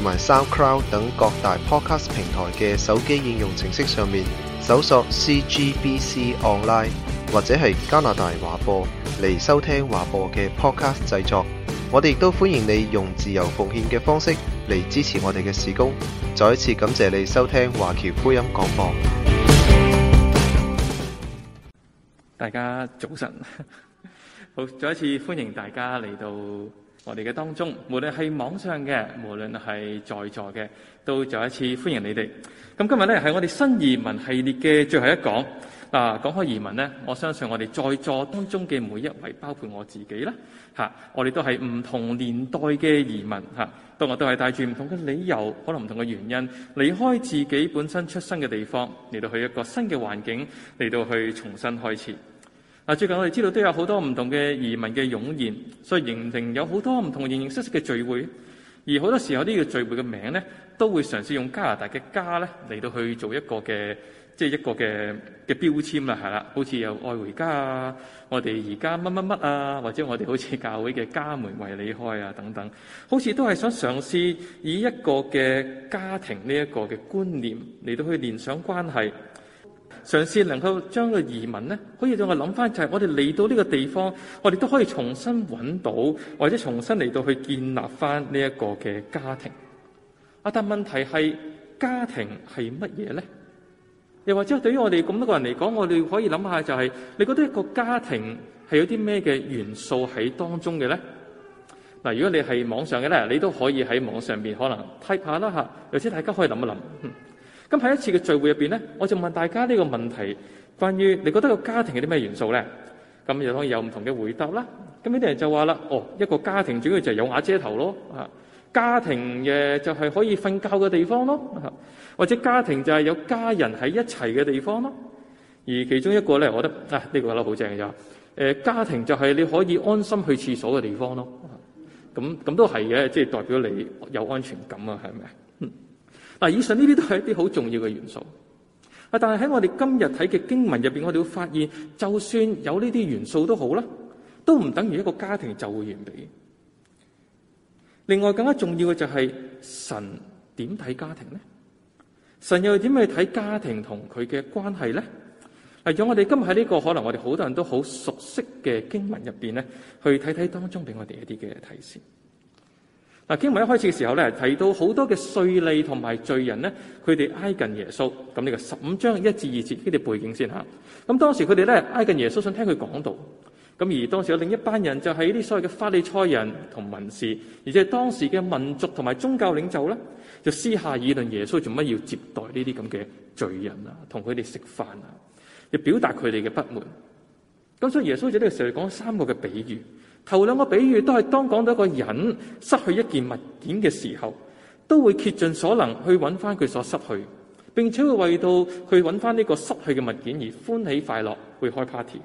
同埋 SoundCloud 等各大 Podcast 平台嘅手機應用程式上面搜索 CGBC Online 或者係加拿大華播嚟收聽華播嘅 Podcast 製作，我哋亦都歡迎你用自由奉獻嘅方式嚟支持我哋嘅事工。再一次感謝你收聽華僑福音廣播。大家早晨，好！再一次歡迎大家嚟到，我哋嘅當中，無論係網上嘅，無論係在座嘅，都再一次歡迎你哋。咁今日呢，係我哋新移民系列嘅最後一講。嗱，講開移民呢，我相信我哋在座當中嘅每一位，包括我自己啦，吓，我哋都係唔同年代嘅移民吓，當我都係帶住唔同嘅理由，可能唔同嘅原因，離開自己本身出生嘅地方，嚟到去一個新嘅環境，嚟到去重新開始。啊！最近我哋知道都有好多唔同嘅移民嘅湧現，所以仍然有好多唔同形形色色嘅聚會。而好多時候呢個聚會嘅名咧，都會嘗試，用加拿大嘅家咧嚟到去做一個嘅，即係一個嘅嘅標籤啦，係啦，好似有愛回家啊，我哋而家乜乜乜啊，或者我哋好似教會嘅家門為你開啊等等，好似都係想嘗試以一個嘅家庭呢一個嘅觀念嚟到去聯想關係。嘗試能夠將個移民咧，可以讓我諗翻就係、是、我哋嚟到呢個地方，我哋都可以重新揾到，或者重新嚟到去建立翻呢一個嘅家庭。啊！但問題係家庭係乜嘢咧？又或者對於我哋咁多個人嚟講，我哋可以諗下就係、是，你覺得一個家庭係有啲咩嘅元素喺當中嘅咧？嗱，如果你係網上嘅咧，你都可以喺網上面可能睇下啦吓，或者大家可以諗一諗。咁喺一次嘅聚會入邊咧，我就問大家呢個問題，關於你覺得個家庭有啲咩元素咧？咁又可以有唔同嘅回答啦。咁呢啲人就話啦：哦，一個家庭主要就係有瓦遮頭咯，嚇，家庭嘅就係可以瞓覺嘅地方咯，或者家庭就係有家人喺一齊嘅地方咯。而其中一個咧，我覺得啊，呢、哎這個話得好正嘅，就誒家庭就係你可以安心去廁所嘅地方咯。咁咁都係嘅，即係代表你有安全感啊，係咪？嗱，以上呢啲都係一啲好重要嘅元素，啊！但係喺我哋今日睇嘅經文入邊，我哋會發現，就算有呢啲元素都好啦，都唔等於一個家庭就會完備。另外更加重要嘅就係神點睇家庭咧？神又點去睇家庭同佢嘅關係咧？嚟咗我哋今日喺呢個可能我哋好多人都好熟悉嘅經文入邊咧，去睇睇當中俾我哋一啲嘅提示。嗱，經文一開始嘅時候咧，提到好多嘅稅吏同埋罪人咧，佢哋挨近耶穌。咁呢個十五章一至二節，啲背景先嚇。咁當時佢哋咧挨近耶穌，想聽佢講道。咁而當時有另一班人，就係呢啲所謂嘅法利賽人同文士，而且當時嘅民族同埋宗教領袖咧，就私下議論耶穌做乜要接待呢啲咁嘅罪人啊，同佢哋食飯啊，就表達佢哋嘅不滿。咁所以耶穌就呢個時候講三個嘅比喻。頭兩個比喻都係當講到一個人失去一件物件嘅時候，都會竭盡所能去揾翻佢所失去，並且會為到去揾翻呢個失去嘅物件而歡喜快樂，會開 party。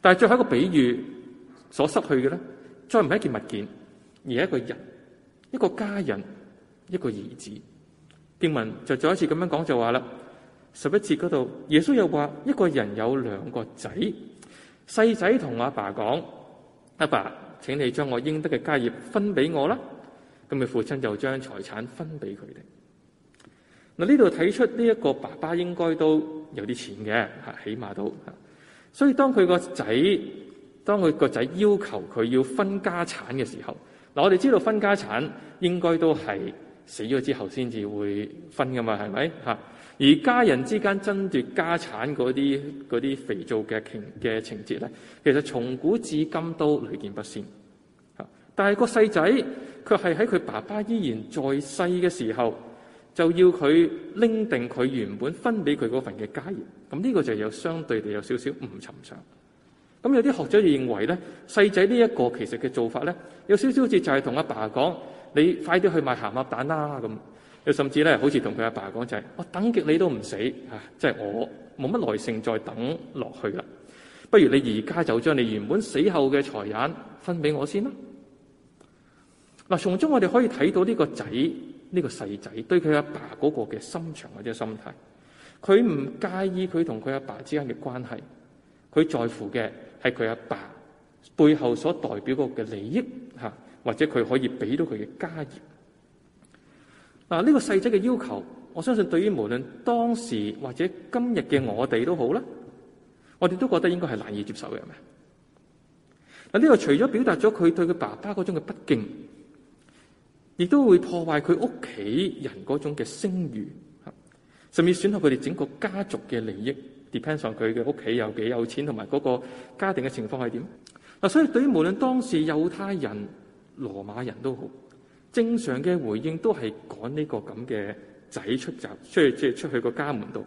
但係最後一個比喻所失去嘅咧，再唔係一件物件，而係一個人、一個家人、一個兒子。丁文就再一次咁樣講就話啦，十一節嗰度耶穌又話一個人有兩個仔，細仔同阿爸講。阿爸，請你將我應得嘅家業分俾我啦。咁佢父親就將財產分俾佢哋。嗱，呢度睇出呢一個爸爸應該都有啲錢嘅，吓起碼都。所以當佢個仔，當佢個仔要求佢要分家產嘅時候，嗱，我哋知道分家產應該都係死咗之後先至會分噶嘛，係咪吓？而家人之間爭奪家產嗰啲啲肥皂嘅情嘅情節咧，其實從古至今都屢見不鮮。嚇！但係個細仔佢係喺佢爸爸依然在世嘅時候，就要佢拎定佢原本分俾佢嗰份嘅家業。咁呢個就係有相對地有少少唔尋常。咁有啲學者就認為咧，細仔呢一個其實嘅做法咧，有少少似就係同阿爸講：你快啲去買鹹鴨蛋啦！咁。又甚至咧，好似同佢阿爸講就係，我等極你都唔死，吓，即係我冇乜耐性再等落去啦。不如你而家就將你原本死後嘅財產分俾我先啦。嗱，從中我哋可以睇到呢個仔，呢個細仔對佢阿爸嗰個嘅心腸或者心態，佢唔介意佢同佢阿爸之間嘅關係，佢在乎嘅係佢阿爸背後所代表個嘅利益吓，或者佢可以俾到佢嘅家業。嗱，呢個細仔嘅要求，我相信對於無論當時或者今日嘅我哋都好啦。我哋都覺得應該係難以接受嘅，係咪？嗱，呢個除咗表達咗佢對佢爸爸嗰種嘅不敬，亦都會破壞佢屋企人嗰種嘅聲譽，甚至損害佢哋整個家族嘅利益。depends on 佢嘅屋企有幾有錢，同埋嗰個家庭嘅情況係點？嗱，所以對於無論當時猶太人、羅馬人都好。正常嘅回應都係趕呢個咁嘅仔出走，出去出去出去個家門度，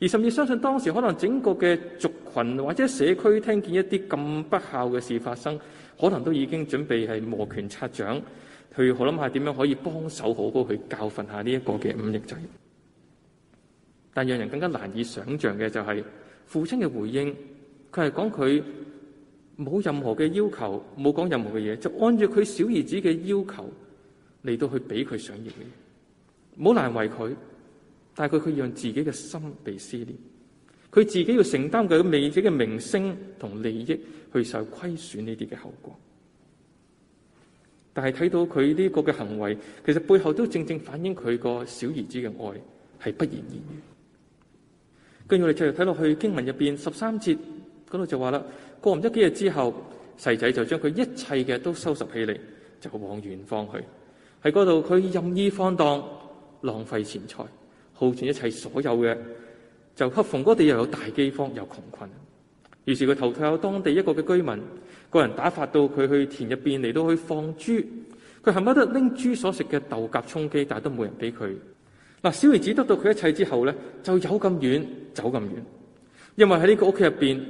而甚至相信當時可能整個嘅族群或者社區聽見一啲咁不孝嘅事發生，可能都已經準備係摩拳擦掌，去好諗下點樣可以幫手好好去教訓下呢一個嘅忤逆仔。但讓人更加難以想象嘅就係、是、父親嘅回應，佢係講佢冇任何嘅要求，冇講任何嘅嘢，就按照佢小兒子嘅要求。嚟到去俾佢想要嘅嘢，唔好難為佢，但係佢佢，讓自己嘅心被撕裂，佢自己要承擔佢嘅自己嘅名聲同利益去受虧損呢啲嘅後果。但係睇到佢呢個嘅行為，其實背後都正正反映佢個小兒子嘅愛係不言而喻。跟住我哋繼續睇落去經文入邊十三節嗰度就話啦，過唔多幾日之後，細仔就將佢一切嘅都收拾起嚟，就往遠方去。喺嗰度，佢任意放蕩，浪費錢財，耗盡一切所有嘅，就恰逢嗰地又有大饑荒，又窮困，於是佢投靠當地一個嘅居民，個人打發到佢去田入邊嚟到去放豬，佢恨不得拎豬所食嘅豆莢充飢，但係都冇人俾佢嗱。小兒子得到佢一切之後咧，就有走咁遠，走咁遠，因為喺呢個屋企入邊，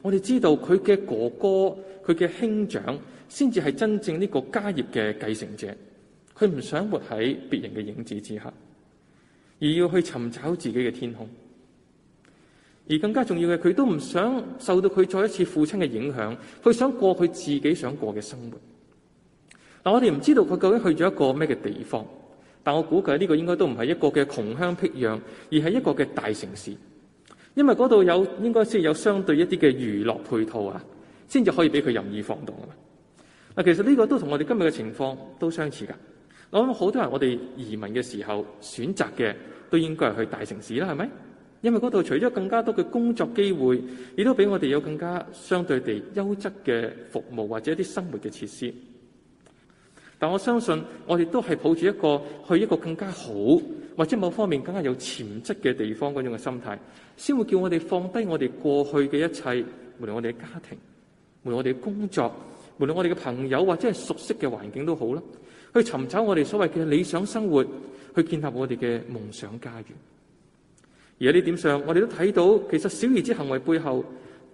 我哋知道佢嘅哥哥、佢嘅兄長，先至係真正呢個家業嘅繼承者。佢唔想活喺別人嘅影子之下，而要去尋找自己嘅天空。而更加重要嘅，佢都唔想受到佢再一次父親嘅影響。佢想過佢自己想過嘅生活。嗱，我哋唔知道佢究竟去咗一個咩嘅地方，但我估計呢個應該都唔係一個嘅窮鄉僻壤，而係一個嘅大城市，因為嗰度有應該先有相對一啲嘅娛樂配套啊，先至可以俾佢任意放蕩。啊。嗱，其實呢個都同我哋今日嘅情況都相似噶。我諗好多人，我哋移民嘅時候選擇嘅都應該係去大城市啦，係咪？因為嗰度除咗更加多嘅工作機會，亦都俾我哋有更加相對地優質嘅服務或者一啲生活嘅設施。但我相信我哋都係抱住一個去一個更加好或者某方面更加有潛質嘅地方嗰種嘅心態，先會叫我哋放低我哋過去嘅一切，無論我哋嘅家庭，無論我哋嘅工作，無論我哋嘅朋友或者係熟悉嘅環境都好啦。去尋找我哋所謂嘅理想生活，去建立我哋嘅夢想家園。而喺呢點上，我哋都睇到，其實小兒子行為背後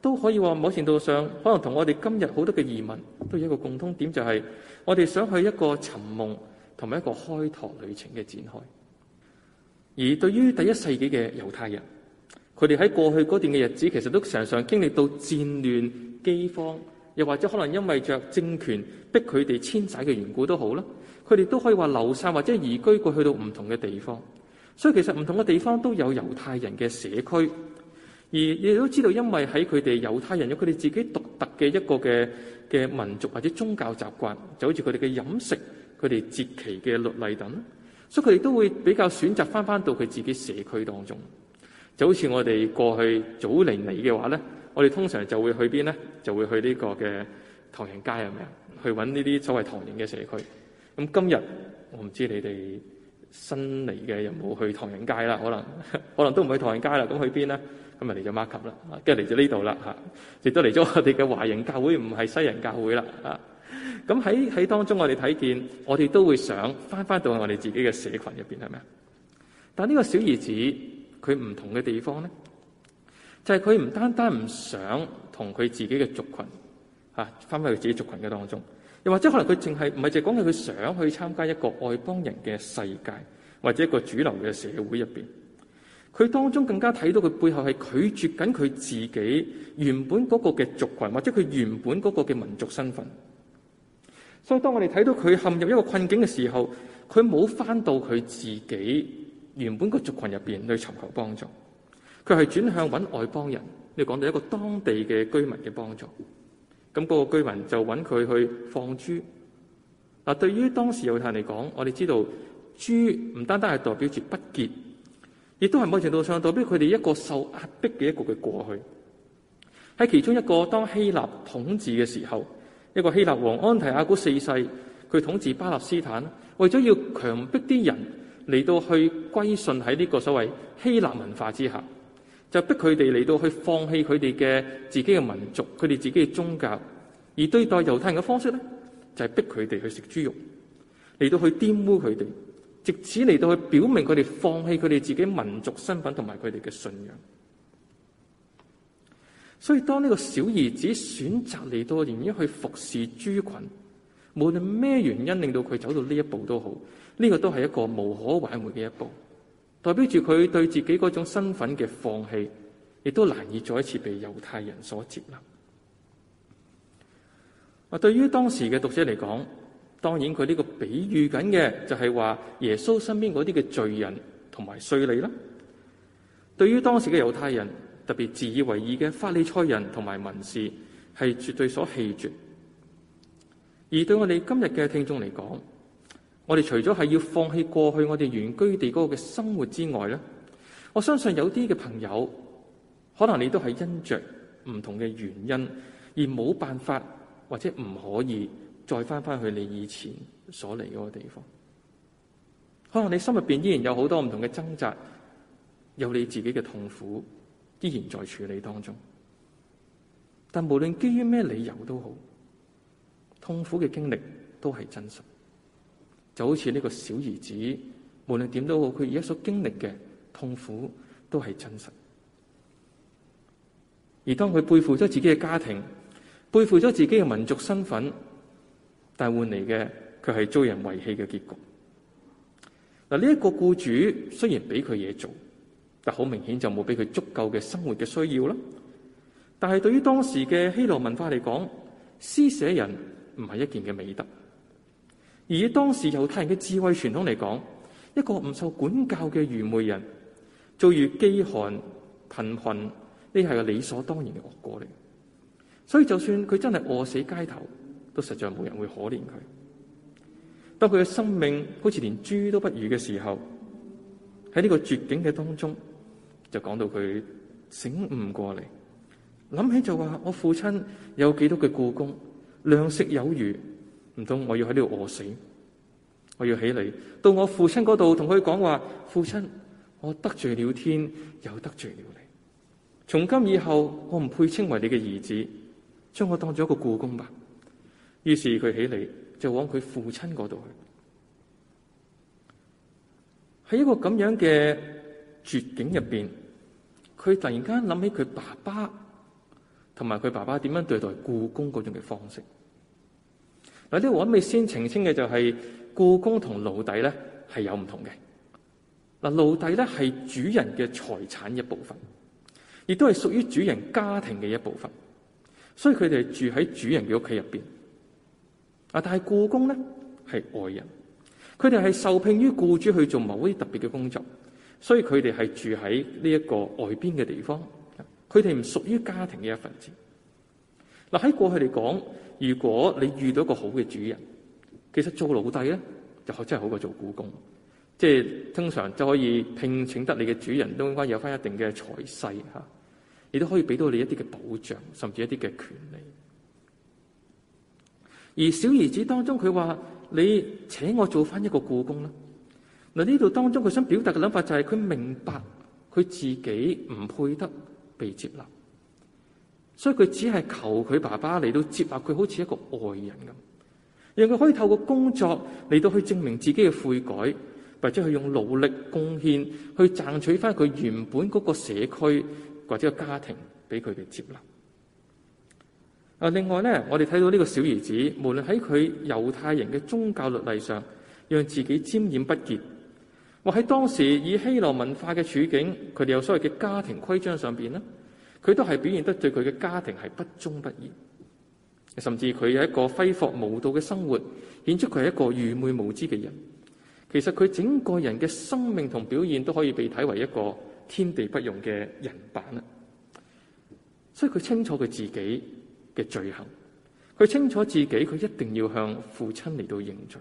都可以話，某程度上可能同我哋今日好多嘅移民都有一個共通點，就係我哋想去一個尋夢同埋一個開拓旅程嘅展開。而對於第一世紀嘅猶太人，佢哋喺過去嗰段嘅日子，其實都常常經歷到戰亂、饑荒，又或者可能因為着政權逼佢哋遷徙嘅緣故都好啦。佢哋都可以話流散或者移居過去到唔同嘅地方，所以其實唔同嘅地方都有猶太人嘅社區。而亦都知道，因為喺佢哋猶太人有佢哋自己獨特嘅一個嘅嘅民族或者宗教習慣，就好似佢哋嘅飲食、佢哋節期嘅律例等，所以佢哋都會比較選擇翻翻到佢自己社區當中。就好似我哋過去早年嚟嚟嘅話咧，我哋通常就會去邊呢？就會去呢個嘅唐人街啊，係咪？去揾呢啲所謂唐人嘅社區。咁今日我唔知你哋新嚟嘅有冇去唐人街啦，可能可能都唔去唐人街啦，咁去邊呢？咁咪嚟咗麥城啦，跟住嚟咗呢度啦，吓亦都嚟咗我哋嘅華人教會，唔係西人教會啦，咁喺喺當中我哋睇見，我哋都會想翻翻到我哋自己嘅社群入邊，係咪啊？但呢個小兒子佢唔同嘅地方咧，就係佢唔單單唔想同佢自己嘅族群吓，翻返去自己族群嘅當中。又或者可能佢淨係唔係淨係講緊佢想去參加一個外邦人嘅世界，或者一個主流嘅社會入邊，佢當中更加睇到佢背後係拒絕緊佢自己原本嗰個嘅族群，或者佢原本嗰個嘅民族身份。所以當我哋睇到佢陷入一個困境嘅時候，佢冇翻到佢自己原本個族群入邊去尋求幫助，佢係轉向揾外邦人，你講到一個當地嘅居民嘅幫助。咁、那、嗰個居民就揾佢去放豬。嗱，對於當時猶太人嚟講，我哋知道豬唔單單係代表住不潔，亦都係某程度上代表佢哋一個受壓迫嘅一個嘅過去。喺其中一個當希臘統治嘅時候，一個希臘王安提亞古四世，佢統治巴勒斯坦，為咗要強迫啲人嚟到去歸順喺呢個所謂希臘文化之下。就是、逼佢哋嚟到去放棄佢哋嘅自己嘅民族，佢哋自己嘅宗教，而對待猶太人嘅方式咧，就係、是、逼佢哋去食豬肉，嚟到去玷污佢哋，直至嚟到去表明佢哋放棄佢哋自己民族身份同埋佢哋嘅信仰。所以當呢個小兒子選擇嚟到，寧願去服侍豬群，無論咩原因令到佢走到呢一步都好，呢、這個都係一個無可挽回嘅一步。代表住佢對自己嗰種身份的放棄，亦都難以再一次被猶太人所接納。啊，對於當時的讀者來講，當然佢呢個比喻緊嘅就係話耶穌身邊嗰啲嘅罪人同埋稅吏啦。對於當時的猶太人，特別自以為義的法利賽人同埋文士，係絕對所棄絕。而對我哋今日的聽眾來講，我哋除咗係要放棄過去我哋原居地嗰個嘅生活之外咧，我相信有啲嘅朋友，可能你都係因着唔同嘅原因而冇辦法或者唔可以再翻返去你以前所嚟嗰個地方。可能你心入邊依然有好多唔同嘅掙扎，有你自己嘅痛苦，依然在處理當中。但無論基於咩理由都好，痛苦嘅經歷都係真實。就好似呢個小兒子，無論點都好，佢而家所經歷嘅痛苦都係真實。而當佢背負咗自己嘅家庭，背負咗自己嘅民族身份，但換嚟嘅卻係遭人遺棄嘅結局。嗱，呢一個僱主雖然俾佢嘢做，但好明顯就冇俾佢足夠嘅生活嘅需要啦。但係對於當時嘅希羅文化嚟講，施捨人唔係一件嘅美德。而當時猶太人嘅智慧傳統嚟講，一個唔受管教嘅愚昧人，遭遇飢寒貧困，呢係個理所當然嘅惡果嚟。所以就算佢真係餓死街頭，都實在冇人會可憐佢。當佢嘅生命好似連豬都不如嘅時候，喺呢個絕境嘅當中，就講到佢醒悟過嚟，諗起就話：我父親有幾多嘅僱工，糧食有餘。唔通我要喺呢度餓死？我要起嚟到我父親嗰度同佢講話：父親，我得罪了天，又得罪了你。從今以後，我唔配稱為你嘅兒子，將我當咗一個雇工吧。於是佢起嚟就往佢父親嗰度去。喺一個咁樣嘅絕境入邊，佢突然間諗起佢爸爸同埋佢爸爸點樣對待雇工嗰種嘅方式。嗱，呢啲我未先澄清嘅就係僕工同奴隸咧，係有唔同嘅。嗱，奴隸咧，係主人嘅財產一部分，亦都係屬於主人家庭嘅一部分，所以佢哋住喺主人嘅屋企入邊。啊，但係僕工咧，係外人，佢哋係受聘於僱主去做某一特別嘅工作，所以佢哋係住喺呢一個外邊嘅地方，佢哋唔屬於家庭嘅一份子。嗱，喺過去嚟講，如果你遇到一個好嘅主人，其實做老弟咧就真係好過做雇工，即係通常就可以聘請得你嘅主人都應該有返一定嘅財勢吓，你都可以俾到你一啲嘅保障，甚至一啲嘅權利。而小兒子當中，佢話你請我做返一個雇工啦。嗱，呢度當中，佢想表達嘅諗法就係、是、佢明白佢自己唔配得被接納。所以佢只係求佢爸爸嚟到接納佢，好似一個外人咁，讓佢可以透過工作嚟到去證明自己嘅悔改，或者係用努力貢獻去賺取翻佢原本嗰個社區或者個家庭俾佢嘅接納。啊，另外咧，我哋睇到呢個小兒子，無論喺佢猶太人嘅宗教律例上，讓自己沾染不潔，或喺當時以希臘文化嘅處境，佢哋有所謂嘅家庭規章上邊咧。佢都係表現得對佢嘅家庭係不忠不義，甚至佢有一個揮霍無度嘅生活，顯出佢係一個愚昧無知嘅人。其實佢整個人嘅生命同表現都可以被睇為一個天地不容嘅人版啦。所以佢清楚佢自己嘅罪行，佢清楚自己佢一定要向父親嚟到認罪，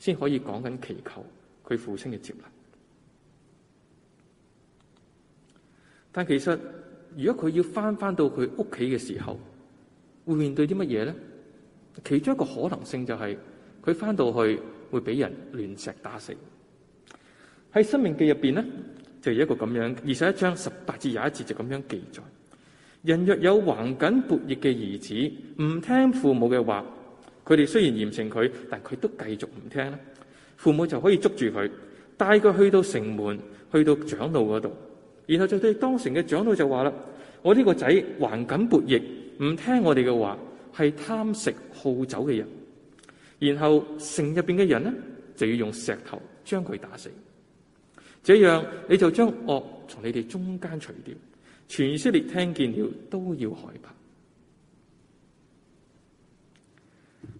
先可以講緊祈求佢父親嘅接納。但其實，如果佢要翻翻到佢屋企嘅時候，會面對啲乜嘢咧？其中一個可能性就係佢翻到去會俾人亂石打死。喺《申命記》入邊咧，就有、是、一個咁樣二十一章十八至廿一節就咁樣記載：人若有橫梗悖逆嘅兒子，唔聽父母嘅話，佢哋雖然嚴懲佢，但佢都繼續唔聽咧，父母就可以捉住佢，帶佢去到城門，去到長老嗰度。然後就對當城嘅長老就話啦：我呢個仔頑梗悖逆，唔聽我哋嘅話，係貪食好酒嘅人。然後城入邊嘅人呢，就要用石頭將佢打死。這樣你就將惡從你哋中間除掉。全以色列聽見了都要害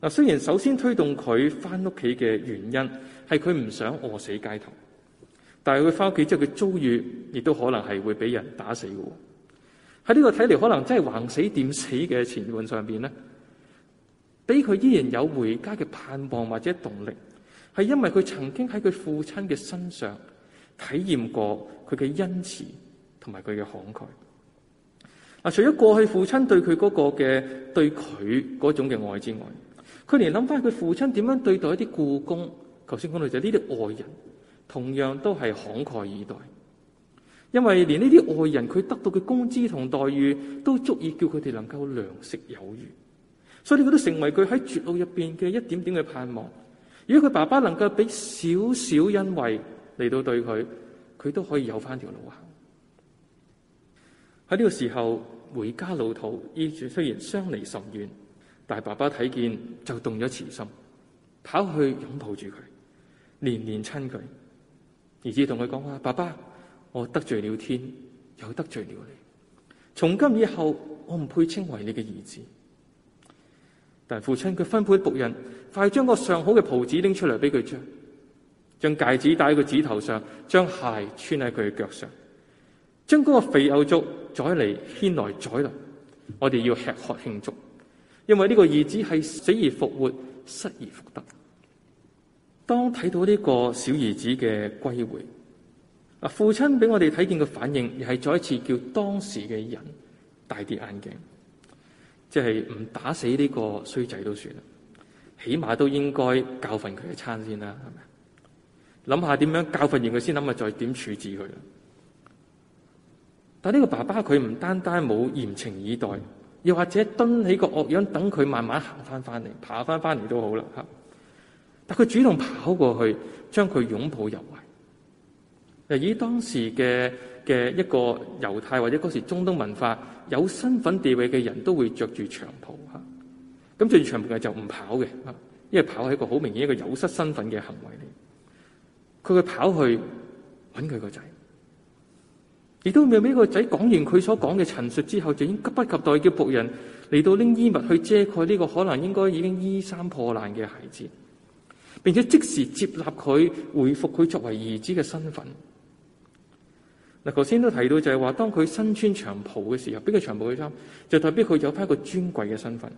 怕。嗱，雖然首先推動佢返屋企嘅原因係佢唔想餓死街頭。但係佢翻屋企之後，佢遭遇亦都可能係會俾人打死嘅。喺呢個睇嚟，可能真係橫死，死的前面上面，掂死嘅前運上邊咧，俾佢依然有回家嘅盼望或者動力，係因為佢曾經喺佢父親嘅身上體驗過佢嘅恩慈同埋佢嘅慷慨。嗱，除咗過去父親對佢嗰個嘅對佢嗰種嘅愛之外，佢連諗翻佢父親點樣對待一啲僱工，頭先講到就呢啲外人。同樣都係慷慨以待，因為連呢啲外人佢得到嘅工資同待遇都足以叫佢哋能夠糧食有餘，所以佢都成為佢喺絕路入邊嘅一點點嘅盼望。如果佢爸爸能夠俾少少恩惠嚟到對佢，佢都可以有翻條路行。喺呢個時候，回家老土，依住雖然相離甚遠，但係爸爸睇見就動咗慈心，跑去擁抱住佢，連連親佢。兒子同佢講話：爸爸，我得罪了天，又得罪了你。從今以後，我唔配稱為你嘅兒子。但父親佢吩咐僕人：快將個上好嘅袍子拎出嚟俾佢着，將戒指戴喺佢指頭上，將鞋穿喺佢腳上，將嗰個肥牛粥宰嚟，牽來宰來。我哋要吃喝慶祝，因為呢個兒子係死而復活，失而復得。當睇到呢個小兒子嘅歸回，嗱，父親俾我哋睇見嘅反應，又係再一次叫當時嘅人大跌眼鏡，即係唔打死呢個衰仔都算啦，起碼都應該教訓佢一餐先啦，係咪？諗下點樣教訓完佢，先諗下再點處置佢。但呢個爸爸佢唔單單冇嚴懲以待，又或者蹲起個惡樣等佢慢慢行翻翻嚟，爬翻翻嚟都好啦，吓。但佢主動跑過去，將佢擁抱入懷。又以當時嘅嘅一個猶太或者嗰時中東文化有身份地位嘅人都會着住長袍嚇。咁著住長袍嘅就唔跑嘅，因為跑係一個好明顯一個有失身份嘅行為嚟。佢會跑去揾佢個仔，亦都未俾個仔講完佢所講嘅陳述之後，就已經急不及待叫僕人嚟到拎衣物去遮蓋呢個可能應該已經衣衫破爛嘅孩子。並且即時接納佢，回復佢作為兒子嘅身份。嗱，頭先都提到就係話，當佢身穿長袍嘅時候，俾佢長袍佢穿，就代表佢有翻一個尊貴嘅身份；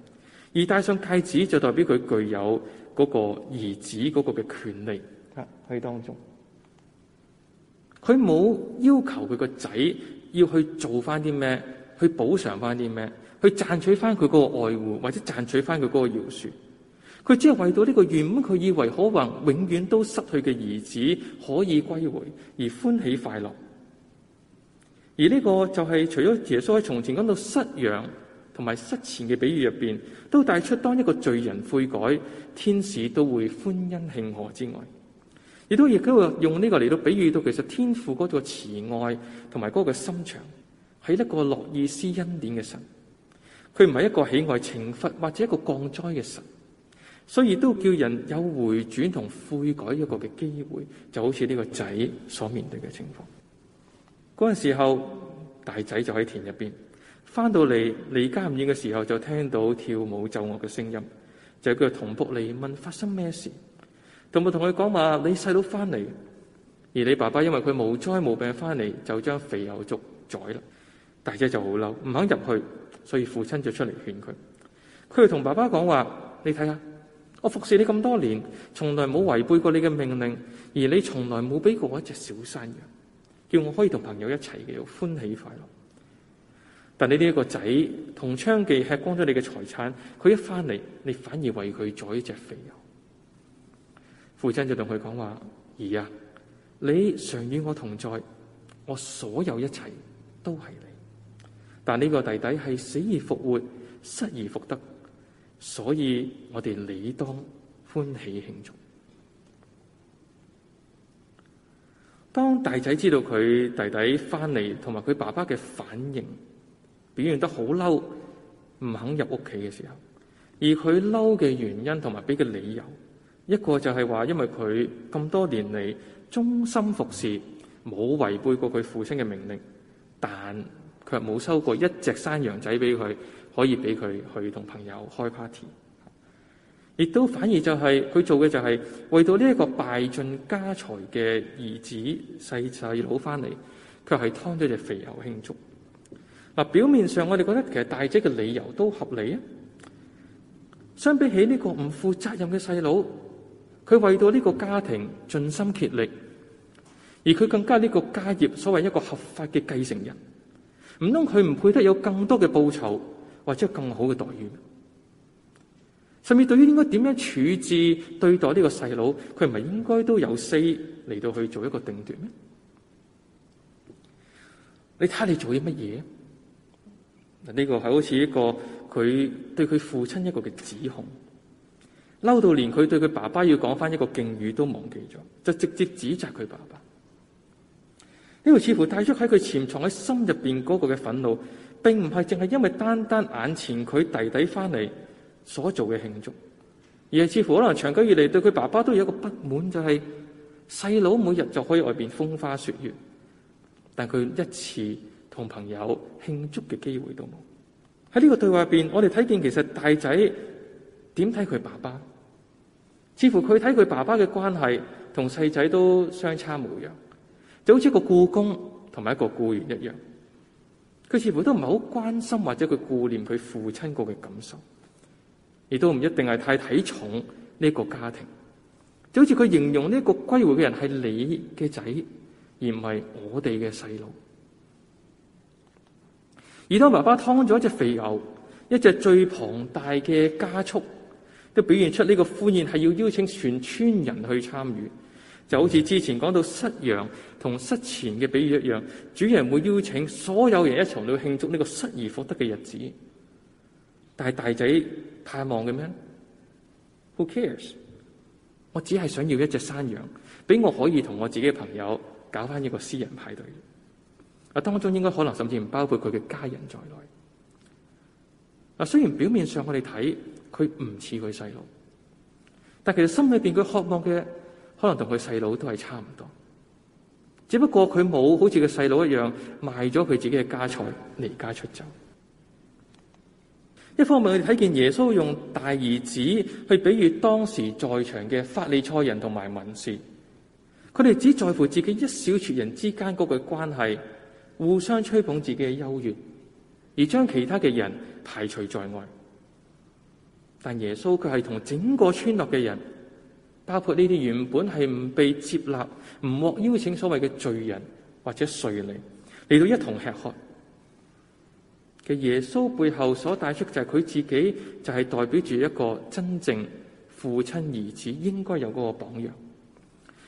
而戴上戒指就代表佢具有嗰個兒子嗰個嘅權利。喺、啊、當中，佢冇要求佢個仔要去做翻啲咩，去補償翻啲咩，去賺取翻佢嗰個愛護，或者賺取翻佢嗰個饒恕。佢只係為到呢個原本佢以為可能永遠都失去嘅兒子可以歸回而歡喜快樂，而呢個就係除咗耶穌喺從前講到失羊同埋失錢嘅比喻入邊，都帶出當一個罪人悔改，天使都會歡欣慶賀之外，亦都亦都用呢個嚟到比喻到其實天父嗰個慈愛同埋嗰個心腸係一個樂意施恩典嘅神，佢唔係一個喜愛懲罰或者一個降災嘅神。所以都叫人有回轉同悔改一個嘅機會，就好似呢個仔所面對嘅情況。嗰陣時候，大仔就喺田入邊，翻到嚟離家唔遠嘅時候，就聽到跳舞奏樂嘅聲音，就叫同僕嚟問發生咩事，同埋同佢講話：你細佬翻嚟，而你爸爸因為佢無災無病翻嚟，就將肥牛犢宰啦。大仔就好嬲，唔肯入去，所以父親就出嚟勸佢。佢就同爸爸講話：你睇下。我服侍你咁多年，從來冇違背過你嘅命令，而你從來冇俾過我一隻小山羊，叫我可以同朋友一齊嘅歡喜快樂。但你呢一個仔，同娼妓吃光咗你嘅財產，佢一翻嚟，你反而為佢宰隻肥牛。父親就同佢講話：兒啊，你常與我同在，我所有一切都係你。但呢個弟弟係死而復活，失而復得。所以我哋理當歡喜慶祝。當大仔知道佢弟弟翻嚟，同埋佢爸爸嘅反應表現得好嬲，唔肯入屋企嘅時候，而佢嬲嘅原因同埋俾嘅理由，一個就係話因為佢咁多年嚟忠心服侍，冇違背過佢父親嘅命令，但卻冇收過一隻山羊仔俾佢。可以俾佢去同朋友開 party，亦都反而就係、是、佢做嘅，就係為到呢一個敗盡家財嘅兒子細細佬翻嚟，佢係劏咗隻肥牛慶祝嗱。表面上我哋覺得其實大姐嘅理由都合理啊。相比起呢個唔負責任嘅細佬，佢為到呢個家庭盡心竭力，而佢更加呢個家業所謂一個合法嘅繼承人，唔通佢唔配得有更多嘅報酬？或者更好嘅待遇，甚至對於應該點樣處置對待呢個細佬，佢係咪應該都有四嚟到去做一個定奪呢？你睇下你做啲乜嘢？嗱，呢、這個係好似一個佢對佢父親一個嘅指控，嬲到連佢對佢爸爸要講翻一個敬語都忘記咗，就直接指責佢爸爸。呢、這個似乎帶出喺佢潛藏喺心入邊嗰個嘅憤怒。並唔係淨係因為單單眼前佢弟弟翻嚟，所做嘅慶祝，而係似乎可能長久以嚟對佢爸爸都有一個不滿，就係細佬每日就可以外邊風花雪月，但佢一次同朋友慶祝嘅機會都冇。喺呢個對話入邊，我哋睇見其實大仔點睇佢爸爸，似乎佢睇佢爸爸嘅關係同細仔都相差無樣，就好似一個僱工同埋一個僱員一樣。佢似乎都唔係好關心或者佢顧念佢父親過嘅感受，亦都唔一定係太睇重呢個家庭。就好似佢形容呢個歸回嘅人係你嘅仔，而唔係我哋嘅細路。而當爸爸劏咗一隻肥牛，一隻最龐大嘅家畜，都表現出呢個歡宴係要邀請全村人去參與。就好似之前講到失羊同失錢嘅比喻一樣，主人會邀請所有人一齊去慶祝呢個失而復得嘅日子。但係大仔盼望嘅咩？Who cares？我只係想要一隻山羊，俾我可以同我自己嘅朋友搞翻一個私人派對。啊，當中應該可能甚至唔包括佢嘅家人在內。啊，雖然表面上我哋睇佢唔似佢細路，但其實心裏邊佢渴望嘅。可能同佢細佬都係差唔多，只不過佢冇好似佢細佬一樣賣咗佢自己嘅家財離家出走。一方面，我哋睇見耶穌用大兒子去比喻當時在場嘅法利賽人同埋文士，佢哋只在乎自己一小撮人之間嗰個關係，互相吹捧自己嘅優越，而將其他嘅人排除在外。但耶穌佢係同整個村落嘅人，包括呢啲原本係唔被接納、唔獲邀請所謂嘅罪人或者稅吏嚟到一同吃喝嘅耶穌背後所帶出就係佢自己就係代表住一個真正父親兒子應該有嗰個榜樣，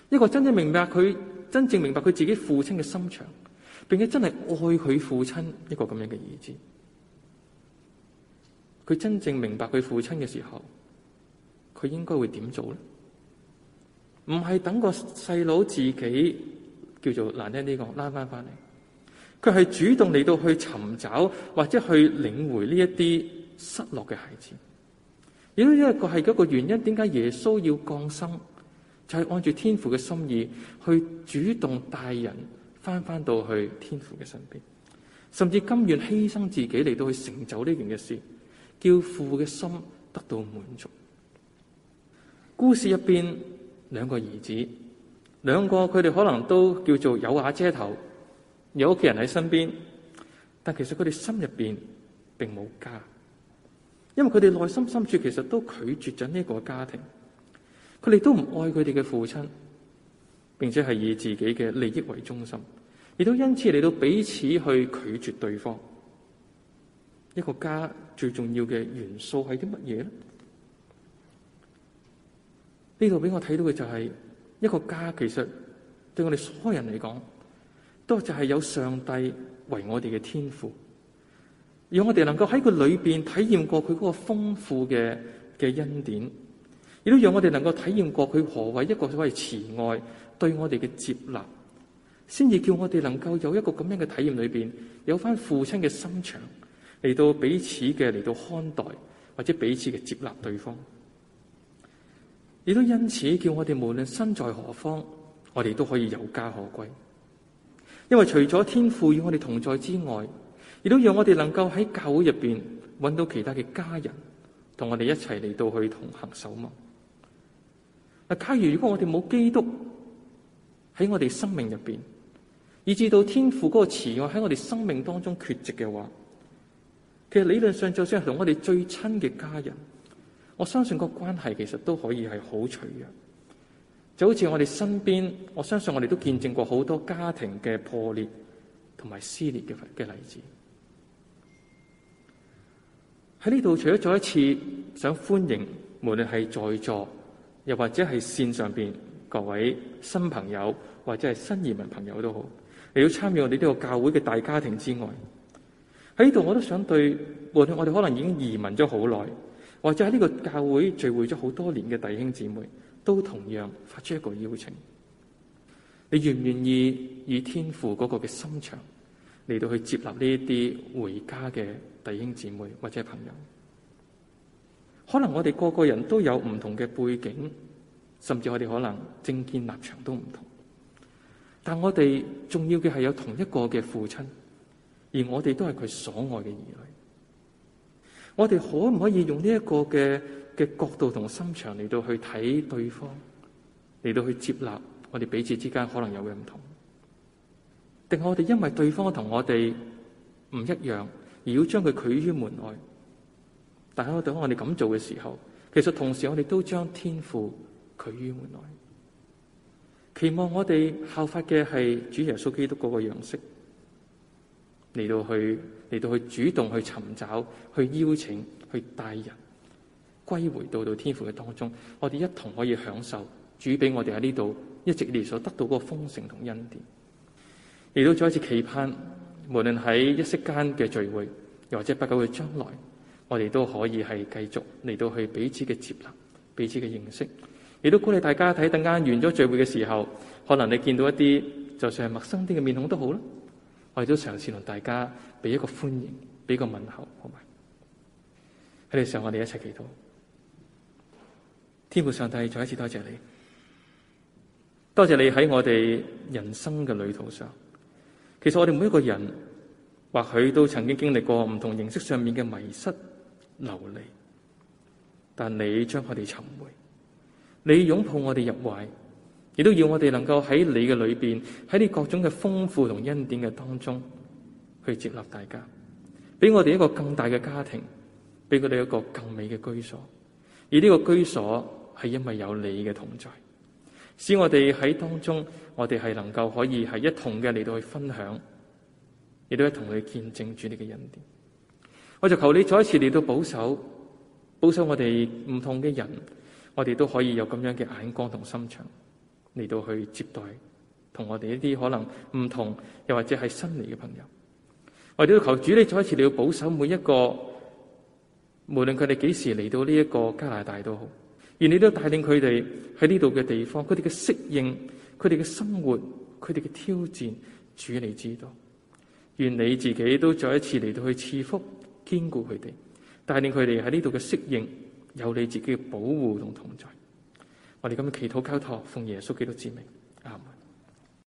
一個真正明白佢真正明白佢自己父親嘅心腸，並且真係愛佢父親一個咁樣嘅兒子，佢真正明白佢父親嘅時候，佢應該會點做咧？唔係等個細佬自己叫做難聽呢個拉翻翻嚟，佢係主動嚟到去尋找或者去領回呢一啲失落嘅孩子。亦都一個係一個原因，點解耶穌要降生，就係按住天父嘅心意去主動帶人翻翻到去天父嘅身邊，甚至甘願犧牲自己嚟到去成就呢件嘅事，叫父嘅心得到滿足。故事入邊。兩個兒子，兩個佢哋可能都叫做有瓦遮頭，有屋企人喺身邊，但其實佢哋心入邊並冇家，因為佢哋內心深處其實都拒絕咗呢個家庭，佢哋都唔愛佢哋嘅父親，並且係以自己嘅利益為中心，亦都因此嚟到彼此去拒絕對方。一個家最重要嘅元素係啲乜嘢咧？呢度俾我睇到嘅就係一個家，其實對我哋所有人嚟講，都就係有上帝為我哋嘅天父，讓我哋能夠喺佢裏邊體驗過佢嗰個豐富嘅嘅恩典，亦都讓我哋能夠體驗過佢何為一個所謂慈愛，對我哋嘅接納，先至叫我哋能夠有一個咁樣嘅體驗裏邊，有翻父親嘅心腸，嚟到彼此嘅嚟到看待，或者彼此嘅接納對方。亦都因此叫我哋無論身在何方，我哋都可以有家可歸。因為除咗天父與我哋同在之外，亦都讓我哋能夠喺教會入邊揾到其他嘅家人，同我哋一齊嚟到去同行守望。嗱，假如如果我哋冇基督喺我哋生命入邊，以至到天父嗰個慈愛喺我哋生命當中缺席嘅話，其實理論上就算係同我哋最親嘅家人。我相信個關係其實都可以係好脆弱，就好似我哋身邊，我相信我哋都見證過好多家庭嘅破裂同埋撕裂嘅嘅例子。喺呢度除咗再一次想歡迎，無論係在座又或者係線上邊各位新朋友或者係新移民朋友都好，嚟到參與我哋呢個教會嘅大家庭之外，喺呢度我都想對，無論我哋可能已經移民咗好耐。或者喺呢個教會聚會咗好多年嘅弟兄姊妹，都同樣發出一個邀請，你願唔願意以天父嗰個嘅心腸嚟到去接納呢一啲回家嘅弟兄姊妹或者朋友？可能我哋個個人都有唔同嘅背景，甚至我哋可能政見立場都唔同，但我哋重要嘅係有同一個嘅父親，而我哋都係佢所愛嘅兒女。我哋可唔可以用呢一個嘅嘅角度同心腸嚟到去睇對方，嚟到去接納我哋彼此之間可能有嘅唔同，定係我哋因為對方同我哋唔一樣而要將佢拒於門外？但喺我哋當我哋咁做嘅時候，其實同時我哋都將天父拒於門外。期望我哋效法嘅係主耶穌基督嗰個樣式。嚟到去嚟到去主動去尋找、去邀請、去帶人歸回到到天父嘅當中，我哋一同可以享受主俾我哋喺呢度一直嚟所得到嗰個豐盛同恩典。亦都再一次期盼，無論喺一息間嘅聚會，又或者不久嘅將來，我哋都可以係繼續嚟到去彼此嘅接納、彼此嘅認識。亦都鼓勵大家睇，等間完咗聚會嘅時候，可能你見到一啲，就算係陌生啲嘅面孔都好啦。為咗嘗試同大家俾一個歡迎，俾個問候，好嘛？喺呢時候我哋一齊祈禱。天父上帝，再一次多謝你，多謝你喺我哋人生嘅旅途上。其實我哋每一個人，或許都曾經經歷過唔同形式上面嘅迷失、流離，但你將我哋尋回，你擁抱我哋入懷。亦都要我哋能夠喺你嘅裏邊，喺你各種嘅豐富同恩典嘅當中，去接納大家，俾我哋一個更大嘅家庭，俾我哋一個更美嘅居所。而呢個居所係因為有你嘅同在，使我哋喺當中，我哋係能夠可以係一同嘅嚟到去分享，亦都一同去見證住你嘅恩典。我就求你再一次嚟到保守，保守我哋唔同嘅人，我哋都可以有咁樣嘅眼光同心腸。嚟到去接待同我哋一啲可能唔同，又或者係新嚟嘅朋友。我哋都求主，你再一次你要保守每一個，無論佢哋幾時嚟到呢一個加拿大都好。願你都帶領佢哋喺呢度嘅地方，佢哋嘅適應、佢哋嘅生活、佢哋嘅挑戰，主你知道。願你自己都再一次嚟到去賜福，兼顧佢哋，帶領佢哋喺呢度嘅適應，有你自己嘅保護同同在。我哋今日祈禱交託，奉耶穌基督之名。